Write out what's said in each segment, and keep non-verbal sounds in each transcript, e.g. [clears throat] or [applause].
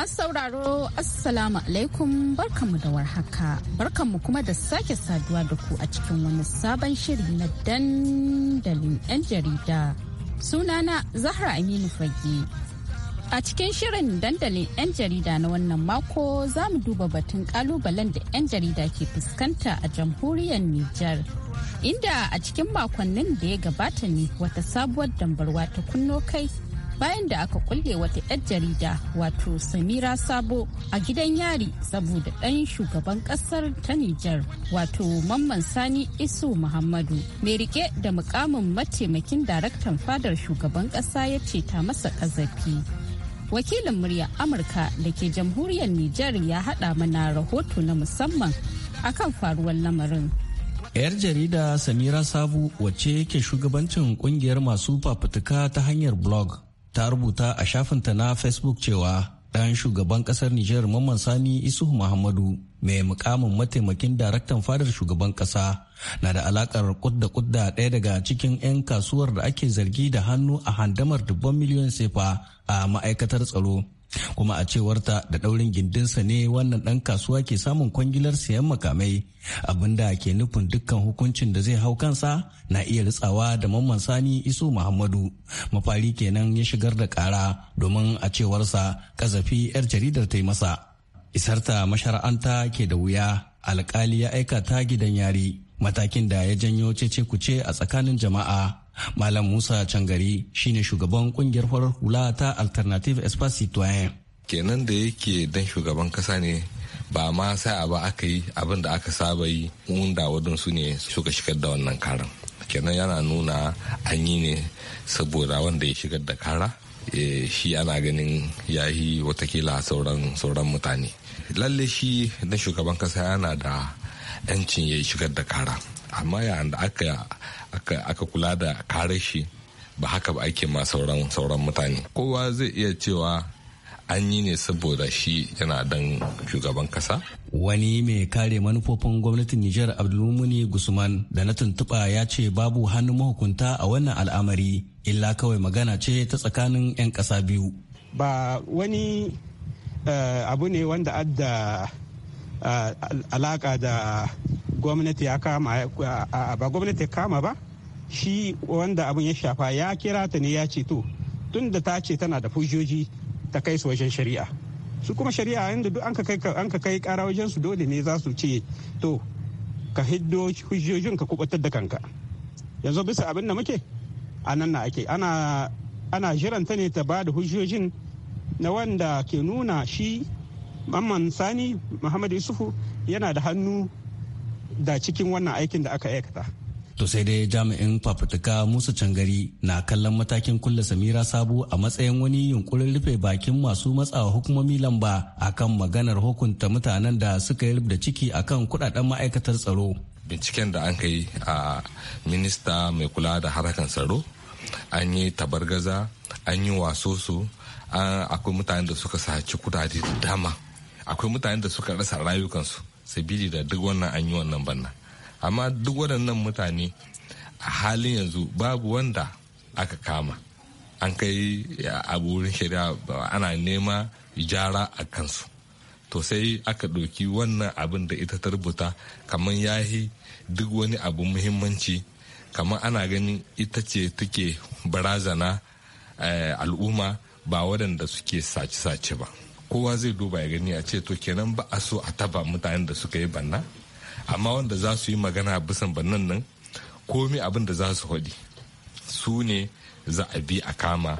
Masu sauraro Assalamu alaikum barkanmu da warhaka barkanmu kuma da sake saduwa da ku a cikin wani sabon shiri na dandalin 'yan jarida. Sunana Zahra Aminu Fage. A cikin shirin dandalin 'yan jarida na wannan mako za mu duba batun kalubalen da 'yan jarida ke fuskanta a jamhuriyar Nijar. Inda a cikin makonnin da ya gabata ne wata sabuwar dambarwa ta kunno kai bayan da aka kulle wata 'yar jarida wato samira sabo a gidan yari saboda ɗan shugaban ƙasar ta nijar wato mamman sani iso muhammadu mai rike da mukamin mataimakin daraktan fadar shugaban ƙasa ya ce ta masa ƙazafi wakilin murya amurka da ke jamhuriyar nijar ya haɗa mana rahoto na musamman akan faruwar lamarin 'yar jarida samira sabu wacce yake shugabancin kungiyar masu fafutuka ta hanyar blog ta rubuta a shafinta na facebook cewa ɗan shugaban ƙasar Nijar Mamman Sani Isuhu Muhammadu mai mukamin mataimakin daraktan fadar shugaban ƙasa na da alakar kudda kudda ɗaya daga cikin 'yan kasuwar da ake zargi da hannu a handamar dubban miliyon sefa a ma'aikatar tsaro. kuma a cewarta da daurin gindinsa ne wannan dan kasuwa ke samun kwangilar siyan makamai abinda ke nufin dukkan hukuncin da zai hau kansa na iya ritsawa da mamman sani iso muhammadu mafari kenan ya shigar da kara domin a cewarsa kazafi yar jaridar ta yi masa isarta mashara'anta ke da wuya alkali ya aika ta gidan yari matakin da ya janyo cece kuce a tsakanin jama'a Malam Musa Cangari shine shugaban kungiyar farar hula ta Alternative Espace Citoyen. Kenan da yake dan shugaban kasa ne ba ma sai a ba aka yi abin da aka saba yi wanda wadansu ne suka shigar da wannan karan. Kenan yana nuna an yi ne saboda wanda ya shigar da kara e, shi ana ganin ya yi watakila sauran sauran mutane. Lalle shi na shugaban kasa yana da 'yancin ya shigar da kara. amma yayin da aka aka kula da kare ba haka ba ake ma sauran sauran mutane kowa zai iya cewa an yi ne saboda shi yana dan shugaban kasa wani mai kare manufofin gwamnatin nijar abdulmumuni gusman da na tuntuɓa ya ce babu hannun mahukunta a wannan al'amari illa kawai magana ce ta tsakanin 'yan ƙasa biyu ba wani eh, abu ne wanda adda alaka da gwamnati ya kama ba gwamnati kama ba shi wanda abin ya shafa ya kira ta ne ya ce to tun da ta ce tana da fujoji ta kai su wajen shari'a su kuma shari'a inda duk an ka kai kara wajen su dole ne za su ce to ka hiddo hujjojin ka kubatar da kanka yanzu bisa abin da muke a nan na ake ana jiranta ne ta ba da hujjojin na wanda ke nuna shi mamman sani muhammad yusufu yana da hannu da cikin wannan aikin da aka aikata to sai dai jami'in fafutuka musa cangari na kallon matakin kulle samira sabu a matsayin wani yunkurin rufe bakin masu matsawa hukumomi lamba akan maganar hukunta mutanen da suka yi da ciki akan kudaden ma'aikatar tsaro binciken da an kai a minista mai kula da harkar tsaro an yi tabargaza an yi su akwai mutanen da suka saci kudade da dama akwai mutane da suka rasa rayukansu sabili da duk wannan an yi wannan banna amma duk waɗannan mutane a halin yanzu babu wanda aka kama an kai a wurin shari'a ana nema jara a kansu to sai aka ɗauki wannan abin da ita ta rubuta kamar yahi duk wani abu muhimmanci kamar ana ganin ita ce take barazana eh, al'umma ba waɗanda suke sace-sace ba. kowa zai duba ya gani a ce to kenan ba a so a taba mutanen da suka yi banna amma wanda za su yi magana a bisan bannan nan komi abin da za su haɗi su ne za a bi a kama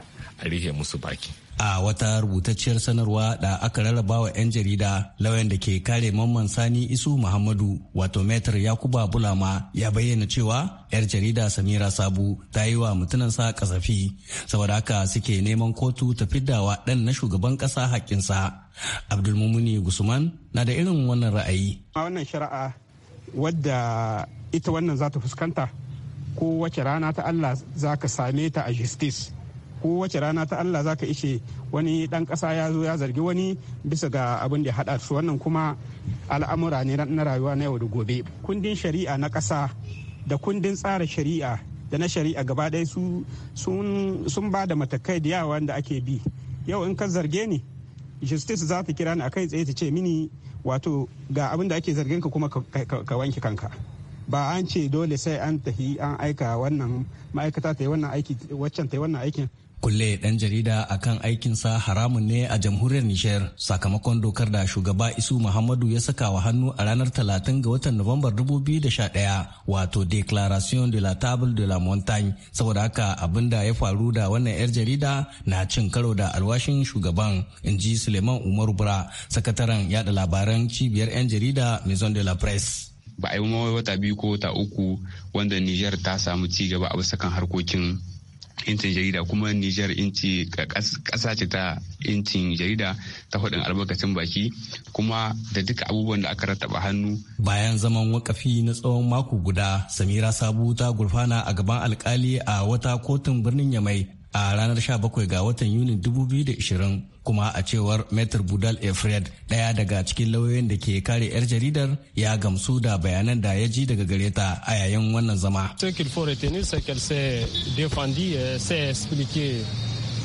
a rihe musu baki a wata rubutacciyar sanarwa da aka rarraba wa 'yan jarida lauyan da ke kare mamman sani isu muhammadu wato metar yakuba bulama ya bayyana cewa 'yar jarida samira sabu ta yi wa mutunansa kasafi saboda haka suke neman kotu ta wa dan na shugaban kasa haƙƙinsa, abdulmumuni gusman na da irin wannan ra'ayi a wannan shari'a wadda ita wannan za ta fuskanta ko wace rana ta allah za ka same ta a justice kowace rana ta Allah za ka ishe wani dan kasa ya zo ya zargi wani bisa ga abin da haɗa su wannan kuma al'amura ne na rayuwa na yau da gobe kundin shari'a na kasa da kundin tsara shari'a da na shari'a gaba ɗaya su sun ba da matakai da yawa da ake bi yau in ka zarge ni justice za ta kira ni akai tsaye ta ce mini wato ga abin da ake zargin ka kuma ka wanke kanka ba an ce dole sai an tafi an aika wannan ma'aikata ta yi wannan aiki waccan ta yi wannan aikin Kulle dan jarida akan aikinsa haramun ne a jamhuriyar Nijar sakamakon dokar da shugaba Isu Muhammadu ya saka wa hannu a ranar 30 ga watan Nuwambar 2011 wato Declaration de la Table de la Montagne saboda haka abinda ya faru da wannan 'yar jarida na cin karo da alwashin shugaban Inji Suleiman Umaru Bura sakataren yada labaran cibiyar 'yan jarida Maison de la Presse. ba a yi wata biyu ko wata uku wanda Nijar ta samu ci gaba a bisa kan harkokin incin jarida kuma Nijar inci ƙasa ce ta incin jarida ta faɗin albarkacin baki kuma da duka abubuwan da aka rattaba hannu. Bayan zaman wakafi na tsawon mako guda, Samira Sabu ta gurfana a gaban alkali a wata kotun birnin Yamai a ranar 17 ga watan yuni 2020 kuma a cewar Metr Budal Efred ɗaya daga cikin lauyoyin da ke kare 'yar jaridar ya gamsu da bayanan da ya ji daga gare ta a yayin wannan zama.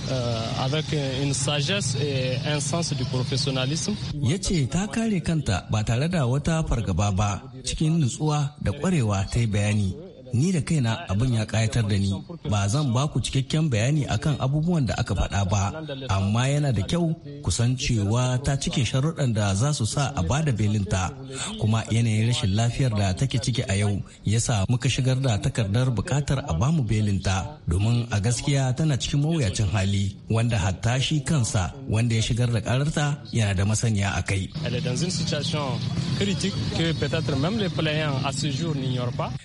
Uh, avec une sagesse et Ya ce ta kare kanta ba tare da wata fargaba ba cikin nutsuwa da kwarewa ta yi bayani ni da kaina abin ya kayatar da ni ba zan ba ku cikakken bayani akan abubuwan da aka faɗa ba amma yana da kyau kusan cewa ta cike sharuɗan da za su sa a bada belinta kuma yanayin rashin lafiyar da take ciki a yau yasa muka shigar da takardar buƙatar a bamu belinta domin a gaskiya tana cikin mawuyacin hali wanda hatta shi kansa wanda ya shigar da kararta yana da masaniya a kai.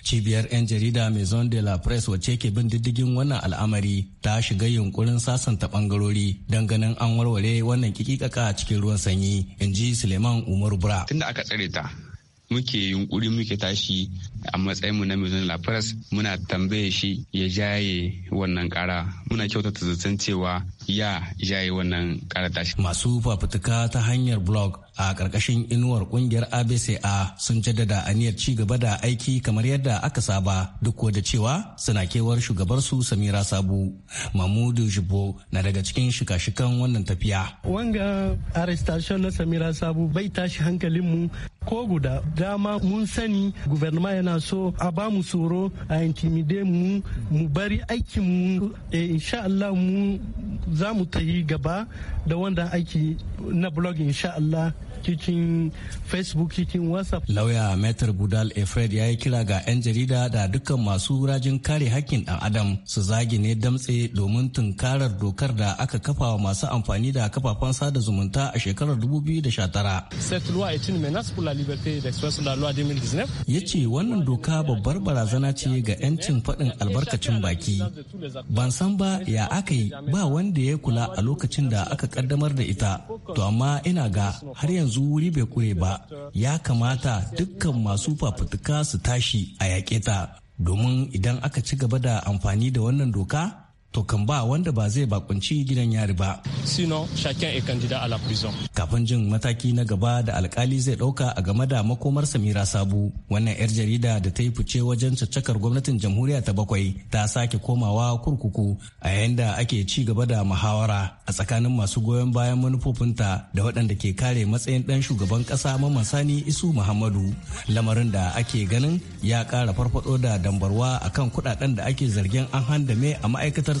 Cibiyar 'yan jarida maison de la presse wacce ke bin diddigin wannan al'amari ta shiga yunkurin sasanta bangarori don ganin an warware wannan kikikaka cikin ruwan sanyi in ji suleiman umaru Bra. tunda aka tsare ta muke yunkuri muke tashi a matsayinmu na mizan la muna tambaye shi ya jaye wannan kara muna kyautata zaton cewa ya jaye wannan kara tashi masu fafutuka ta hanyar blog a ƙarƙashin inuwar ƙungiyar abca sun jaddada aniyar ci gaba da aiki kamar yadda aka saba duk da cewa suna kewar shugabarsu samira sabu mamudu jibo na daga cikin shika-shikan wannan tafiya wanga arrestation na samira sabu bai tashi hankalin mu. ko guda dama mun sani guverna yana so a ba mu tsoro a intimide mu mu bari aikin mu eh, insha Allah mu za mu tayi gaba da wanda aiki na blog insha Allah cikin facebook cikin whatsapp lauya metar budal efred ya yi kira ga 'yan jarida da dukkan masu rajin kare hakkin dan adam su zagi ne damtse domin tunkarar dokar da aka kafa wa masu amfani da kafafen sada zumunta a shekarar 2019 ya ce wannan doka babbar barazana ce ga 'yancin faɗin albarkacin baki ban san ba ya aka yi ba wanda ya kula a lokacin da aka kaddamar da ita to amma ina ga har yanzu yanzu wuri bai koye ba ya kamata dukkan masu fafutuka su tashi a yaƙe ta domin idan aka ci gaba da amfani da wannan doka to kan ba wanda ba zai bakunci gidan yari ba. Sino shaken est candidat à la prison. Kafin jin mataki na gaba da alkali zai dauka a game da makomar Samira Sabu, wannan 'yar jarida da ta yi fice wajen caccakar gwamnatin jamhuriya ta bakwai ta sake komawa kurkuku a yayin da ake ci gaba da muhawara a tsakanin masu goyon bayan manufofinta da waɗanda ke kare matsayin ɗan shugaban ƙasa Mamman Sani Isu Muhammadu, lamarin da ake ganin ya ƙara farfaɗo da dambarwa akan kuɗaɗen da ake zargin an handame a ma'aikatar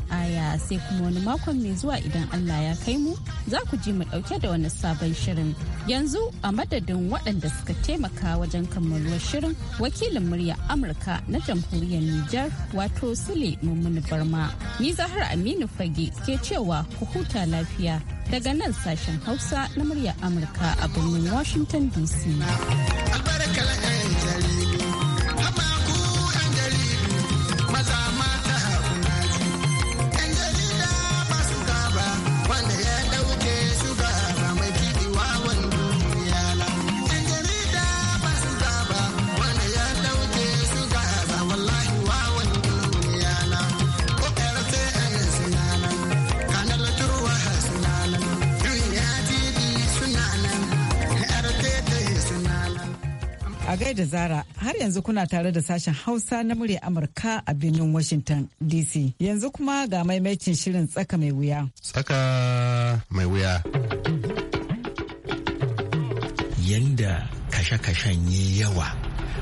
sai kuma wani makon mai zuwa idan Allah ya kai mu za ku ji mu ɗauke da wani sabon shirin. Yanzu a madadin waɗanda suka taimaka wajen kammaluwar shirin wakilin murya Amurka na jamhuriyar Nijar wato Sule Mummuni Barma. Ni Zahar Aminu Fage ke cewa ku huta lafiya daga nan sashen Hausa na murya Amurka a birnin Washington DC. da Zara har yanzu kuna tare da sashen Hausa na murya Amurka a birnin Washington DC. Yanzu kuma ga maimacin shirin tsaka mai wuya. Tsaka mai wuya. Yanda kashe-kashen yi yawa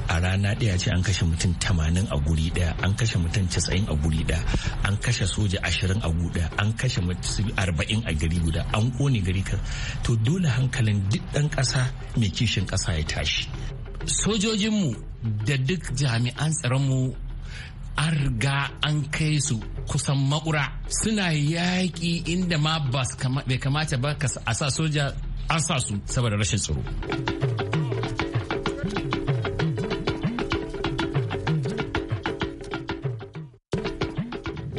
a rana ɗaya ce an kashe mutum tamanin a guri ɗaya an kashe mutum casa'in a guri ɗaya an kashe soja ashirin a guda an kashe mutum arba'in a gari guda an kone gari ka to dole hankalin duk ɗan ƙasa mai kishin ƙasa ya tashi sojojinmu da duk jami'an tsaronmu an riga an kai su kusan makura suna yaƙi inda ma bai kamata ba a sa soja an sa su saboda rashin tsaro.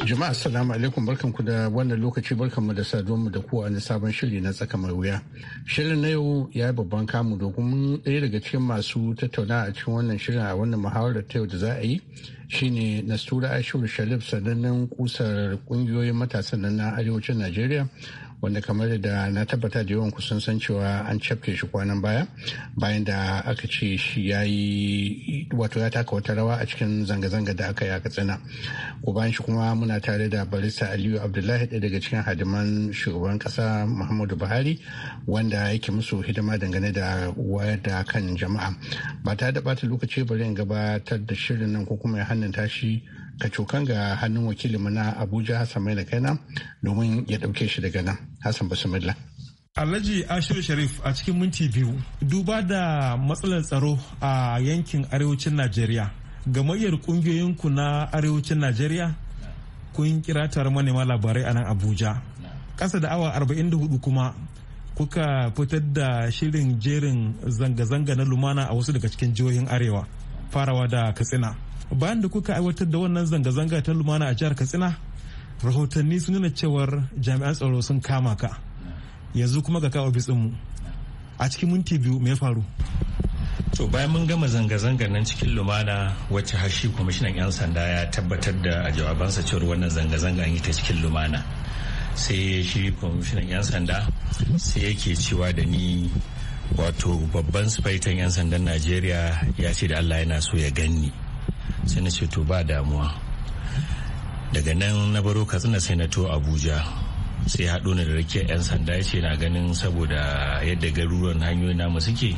Jama'a assalamu alaikum barkanku da wannan lokaci barkanmu da saduwanmu da kowa na sabon shiri na tsaka mai wuya. Shirin na yau ya yi babban kamu domin ɗaya daga cikin masu tattauna a cikin wannan shirin a wannan muhawarar ta yau da za a yi shine Nastura Ashiru Shalif sanannen kusar kungiyoyin matasan na arewacin Najeriya wanda kamar da na tabbata da yawan kusan san cewa an cafke shi kwanan baya bayan da aka ce shi ya yi wato ya taka wata rawa a cikin zanga-zanga da aka yi a katsina ko bayan shi kuma muna tare da barista aliyu abdullahi ɗaya daga cikin hadiman shugaban ƙasa muhammadu buhari wanda yake musu hidima dangane da wayar da kan jama'a ba ta da ɓata lokaci bari in gabatar da shirin nan ko kuma ya hannun tashi cokan ga hannun wakilinmu na abuja hassan mai da na domin ya dauke shi daga nan hassan basmilla Alhaji Ashiru Sharif a cikin minti biyu duba da matsalar tsaro a yankin arewacin Najeriya. Gamayyar ƙungiyoyinku na arewacin Najeriya kun kira tare manema labarai a nan Abuja. Ƙasa da awa hudu kuma kuka fitar da shirin jerin zanga-zanga na lumana a wasu daga cikin jihohin arewa farawa da Katsina. bayan da kuka aiwatar da wannan zanga-zanga ta lumana a jihar katsina rahotanni sun nuna cewar jami'an tsaro sun kama ka yanzu kuma ga kawo mu a cikin minti biyu me faru to bayan mun gama zanga-zangar nan cikin lumana wacce hashi kwamishinan 'yan sanda ya tabbatar da a jawabansa cewar wannan zanga-zanga an yi ta cikin lumana sai shi kwamishinan 'yan sanda sai yake cewa da ni wato babban sufaitan 'yan sandan najeriya ya ce da allah yana so ya ganni sai na ce to ba damuwa daga nan na baro katsina sai na to abuja sai haɗo na da rikiya 'yan sanda ya ce na ganin saboda yadda garuruwan hanyoyi namu suke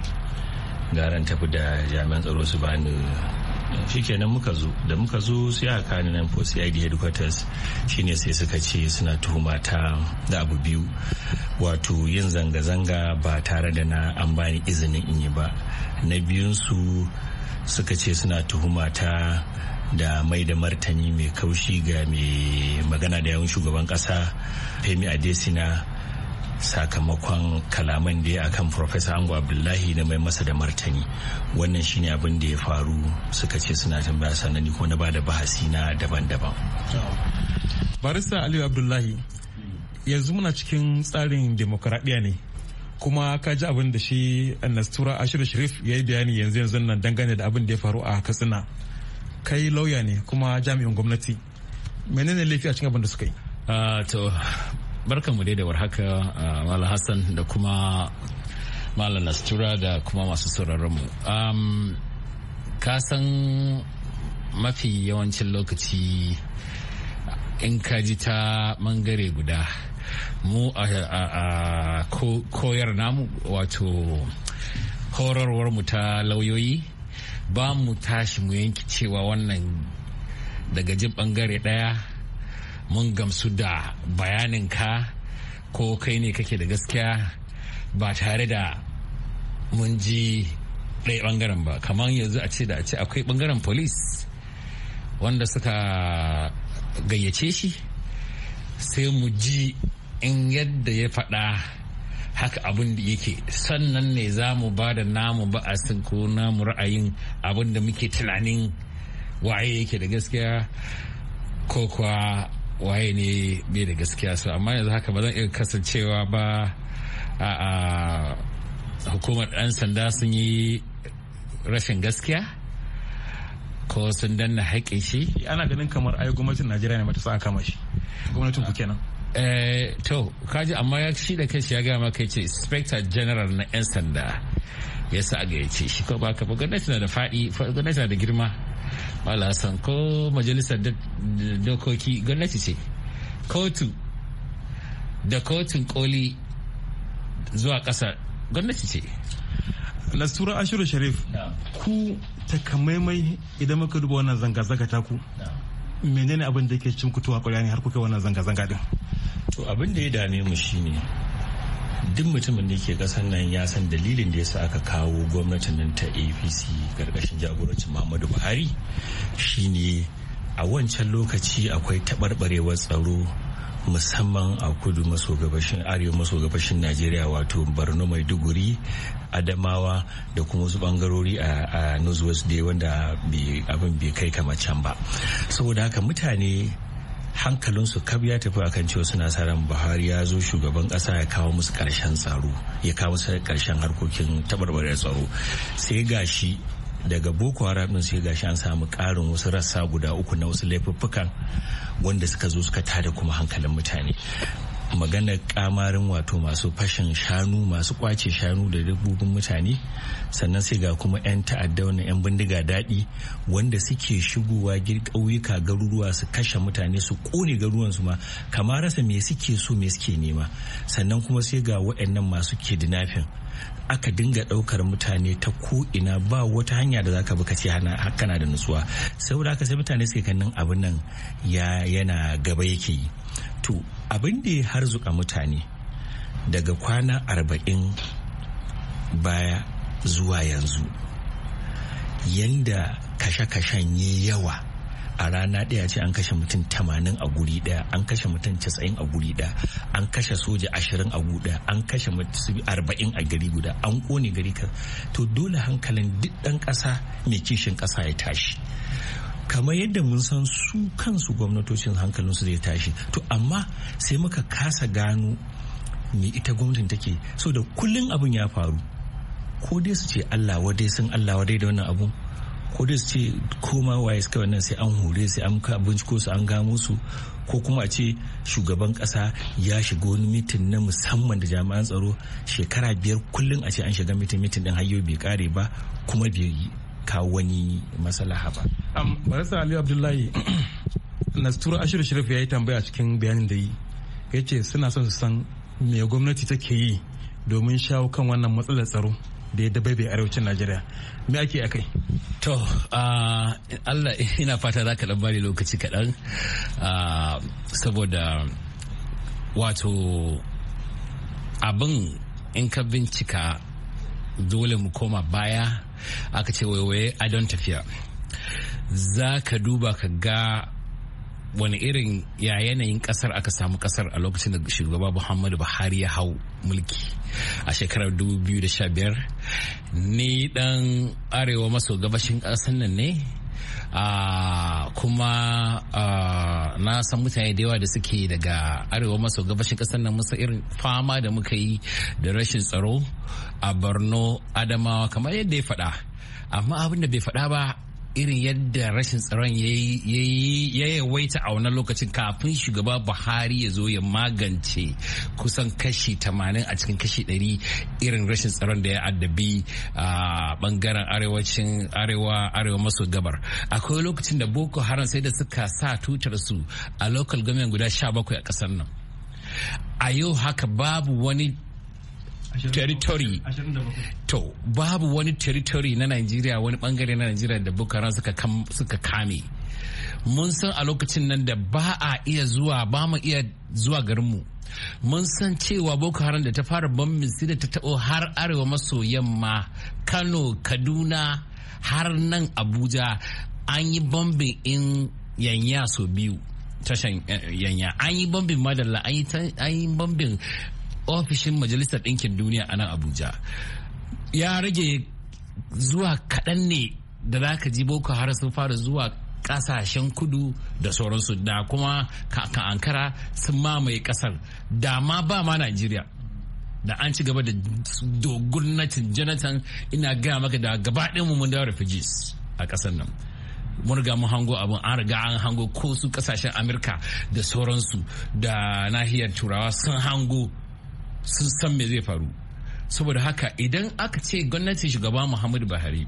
garan tafi da jami'an tsaro su bani shikenan muka zo da muka zo sai a kani nan for CID headquarters shine sai suka ce suna tuhuma ta da abu biyu wato yin zanga-zanga ba tare da na an bani izinin in yi ba na biyun su suka ce suna tuhuma ta da mai da martani mai kaushi ga mai magana da yawan shugaban kasa femi adesina sakamakon kalaman da ya akan Profesa Ango Abdullahi na mai masa da martani wannan shine abin da ya faru suka ce suna tambaya sanani ko na bada bahasi na daban-daban. Barista Aliyu Abdullahi yanzu muna cikin tsarin demokuraɗiyya ne kuma ka ji abin da shi nastura ashiru sharif ya yi bayani yanzu yanzu nan dangane da abin da ya faru a katsina kai lauya ne kuma jami'in gwamnati menene laifi a cikin abin da suka yi ah, to barkanmu dai da warhaka ah, malam hassan da kuma malam nastura da kuma masu sauraronmu ka san mafi yawancin lokaci in ka ji ta mangare guda mu a koyar namu wato horarwar mu ta lauyoyi ba mu tashi mu yanki cewa wannan daga jin bangare daya mun gamsu da bayanin ka ko kai ne kake da gaskiya ba tare da mun ji ɗaya bangaren ba kamar yanzu a ce da a ce akwai bangaren police wanda suka gayyace shi sai mu ji in yadda ya faɗa haka abin da yake sannan ne za mu ba da namu ba'asin ko namu ra'ayin abin da muke tunanin waye yake da gaskiya ko kuwa waye ne bai da gaskiya su amma yanzu haka ba zan iya kasancewa ba a hukumar ɗan sanda sun yi rashin gaskiya ko sun danna haƙe shi ana ganin kamar ayi gwamnatin najeriya ne mata sa kama shi gwamnatin ku kenan Eh, to kaji amma ya shi da kai ya gaya maka ce inspector general na 'yan sanda ya sa a gayyace shi ko baka ba gwamnati na da faɗi gwamnati na da girma wala san ko majalisar dokoki gwamnati ce kotu da kotun koli zuwa kasa gwamnati ce nasura ashiru sharif ku takamaimai idan muka duba wannan zanga-zanga taku ku menene abin da ke cin kutuwa ƙwarya ne har kuka wannan zanga-zanga din to abin da ya dame mu shine duk mutumin da ke kasar nan ya san dalilin da ya sa aka kawo gwamnatin nan ta apc karkashin jagorancin muhammadu buhari shine a wancan lokaci akwai taɓarɓarewar tsaro musamman a kudu maso gabashin arewa maso gabashin najeriya wato borno maiduguri adamawa da kuma wasu bangarori a northwest dai wanda abin bai kai kama can ba saboda haka mutane hankalinsu kab ya tafi akan cewa suna sa ran buhari ya zo shugaban kasa ya kawo musu karshen tsaro ya kawo musu karshen harkokin tabarbarar tsaro sai gashi daga boko haram din sai gashi an samu karin wasu rassa guda uku na wasu laifuffukan wanda suka zo suka tada kuma hankalin mutane maganar kamarin wato masu fashin shanu masu kwace shanu da dabbobin mutane sannan sai ga kuma 'yan ta'adda wannan 'yan bindiga daɗi wanda suke shigowa ƙauyuka garuruwa su kashe mutane su ƙone garuruwansu ma kamar rasa me suke so me suke nema sannan kuma sai ga waɗannan masu kidnapping aka dinga ɗaukar mutane ta ko ina ba wata hanya da zaka bi ka ce kana da nutsuwa saboda haka sai mutane suke kannin abin nan ya yana gaba yake yi to abin da ya harzuka mutane daga kwana arba'in baya zuwa yanzu yanda kashe-kashen yi yawa a rana ɗaya ce an kashe mutum tamanin a guri ɗaya an kashe mutum casa'in a guri ɗaya an kashe soja ashirin a guda an kashe mutum arba'in a gari guda an kone gari ka to dole hankalin duk ɗan ƙasa mai kishin ƙasa ya tashi kamar yadda mun san su kansu gwamnatocin hankalinsu zai tashi to amma sai muka kasa gano me ita gwamnatin take so da kullun abin ya faru ko dai su ce allah wadai sun allah wadai da wannan abun ko dai su ce koma waye suka wannan sai an hore sai an binciko su an gamo su ko kuma a ce shugaban kasa ya shiga wani mitin na musamman da jami'an tsaro shekara biyar kullum a ce an shiga mitin mitin din hayo bai kare ba kuma bai kawo wani masalaha ba barista aliyu abdullahi [clears throat] nastura ashir shirif ya yi tambaya cikin bayanin da yi ya ce suna son su san me gwamnati take yi domin shawo kan wannan matsalar tsaro da ya dabaibe arewacin najeriya me ake a kai to allah ina fata za ka bani lokaci kaɗan saboda wato abin in ka bincika dole mu koma baya aka ce waiwaye don tafiya za ka duba ka ga wani irin ya yanayin kasar aka samu kasar a lokacin da shugaba muhammadu buhari ya hau mulki a shekarar 2015 ni dan arewa maso gabashin kasar nan ne kuma na san mutane da yawa da suke daga arewa maso gabashin kasar nan musa irin fama da muka yi da rashin tsaro a borno adamawa kamar yadda ya faɗa amma abin da bai faɗa ba irin yadda rashin tsaron ya yawaita a wannan lokacin kafin shugaba buhari ya zo ya magance kusan kashi 80 a cikin kashi 100 irin rashin tsaron da ya addabi a bangaren arewacin arewa arewa maso gabar akwai lokacin da boko haram sai da suka sa tutar su a local government guda 17 a kasar nan a yau haka babu wani territory to babu wani territory na Najeriya wani bangare na Najeriya da Boko Haram suka kame mun san a lokacin nan da ba a iya zuwa ba mu iya zuwa garinmu mun san cewa boko haram da ta fara bambin da ta tabo har arewa maso yamma kano kaduna har nan abuja an yi bambin in yanya sau biyu tashan eh, yanya an yi bambin madalla an yi bambin ofishin majalisar ɗinkin duniya a nan abuja ya rage zuwa kaɗan ne da za ka ji boko har sun fara zuwa ƙasashen kudu da sauransu da kuma ka ankara sun mamaye ƙasar da ma ba ma najeriya da an ci gaba da dogon natin jonathan ina gaya maka da gaba mu mun dawo refugees a kasar nan mun riga mun hango abin an riga an hango ko su kasashen amurka da sauransu da nahiyar turawa sun hango sun san me zai faru saboda haka idan aka ce gwamnati shugaba muhammadu buhari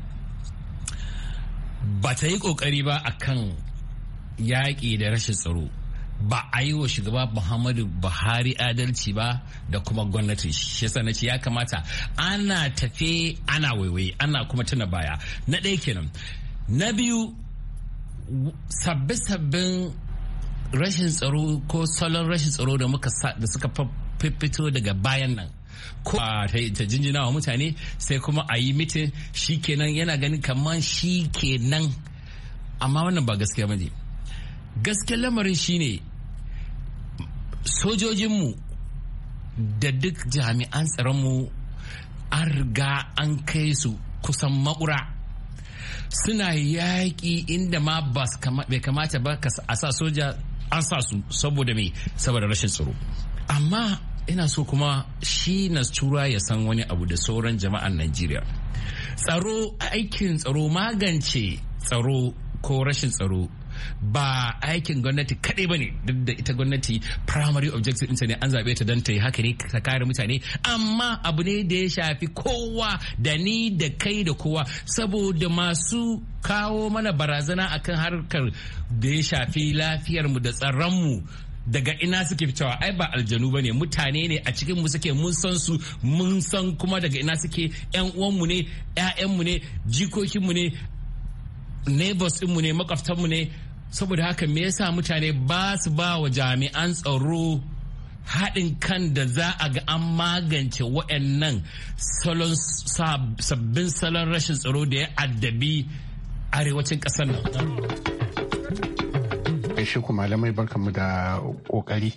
ba ta yi kokari ba akan yaƙi da rashin tsaro ba a yi wa shugaba muhammadu buhari adalci ba da kuma gwamnati shi yasa ce ya kamata ana tafe ana waiwai ana kuma tuna baya na ɗaya kenan na biyu sabbe-sabbin rashin tsaro ko salon rashin tsaro da muka da suka fito daga bayan nan ko ta jinjina wa mutane sai kuma a yi mitin shi kenan yana ganin kamar shi kenan amma wannan ba gaskiya ba ne gaskiyar lamarin shi ne sojojinmu da duk jami'an tsaronmu an riga an kai su kusan makura suna yaƙi inda ma bai kamata ba a sa soja an sa su saboda mai saboda rashin tsaro amma ina so kuma shi tura ya san wani abu da sauran jama'an najeriya tsaro aikin tsaro magance tsaro ko rashin tsaro ba aikin gwamnati kadai ba duk da ita gwamnati primary objective ɗinta ne an zaɓe ta don ta yi haka ne ta kare mutane amma abu ne da ya shafi kowa da ni da kai da kowa saboda masu kawo mana barazana akan harkar da ya shafi lafiyarmu da mu. daga ina suke fitowa ai ba aljanu bane mutane ne a cikin mu suke mun san su mun san kuma daga ina suke yan uwanmu ne ƴaƴanmu ne jikokinmu ne neighbors mu ne makwabtanmu ne saboda haka me yasa mutane ba su ba wa jami'an tsaro haɗin kan da za a ga an magance waɗannan sabbin salon rashin tsaro da ya addabi arewacin ƙasar nan. gaishe ku malamai barkanmu da kokari.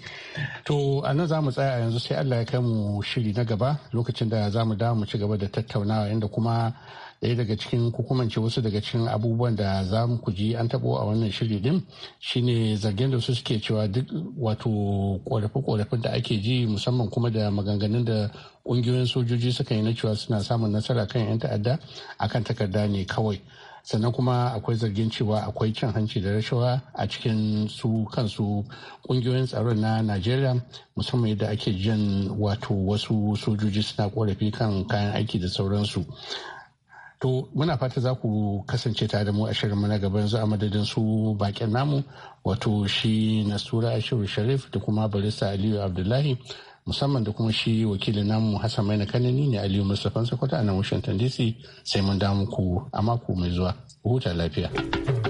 To a nan za mu tsaya yanzu sai Allah ya kai mu shiri na gaba lokacin da za mu dawo mu ci gaba da tattaunawa inda kuma ɗaya daga cikin hukumance wasu daga cikin abubuwan da za mu kuji an tabo a wannan shiri din shine zargin da su suke cewa duk wato korafe-korafen da ake ji musamman kuma da maganganun da ƙungiyoyin sojoji suka yi na cewa suna samun nasara kan 'yan ta'adda akan takarda ne kawai. sannan kuma akwai zargin cewa akwai cin hanci da rashawa a cikin su kansu kungiyoyin tsaron na najeriya musamman yadda ake jin wato wasu sojoji suna korafi kan kayan aiki da sauransu To muna fata za ku kasance tare da mu a shirin na gaban za a madadin su bakin namu wato shi Nasura Ashiru Sharif da kuma Barista Aliyu Abdullahi musamman da kuma shi wakilin namu Hassan Maina Kanani ne Aliyu Mustapha Sokoto a nan Washington DC sai mun damu ku a mako mai zuwa huta lafiya.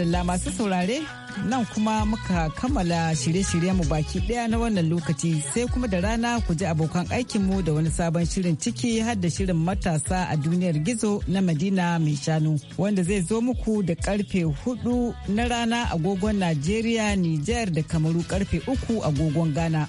madalla masu saurare nan kuma muka kammala shirye-shirye mu baki daya na wannan lokaci sai kuma da rana ku ji abokan aikinmu da wani sabon shirin ciki har da shirin matasa a duniyar gizo na madina mai shanu wanda zai zo muku da karfe hudu na rana agogon najeriya niger da kamaru karfe uku agogon ghana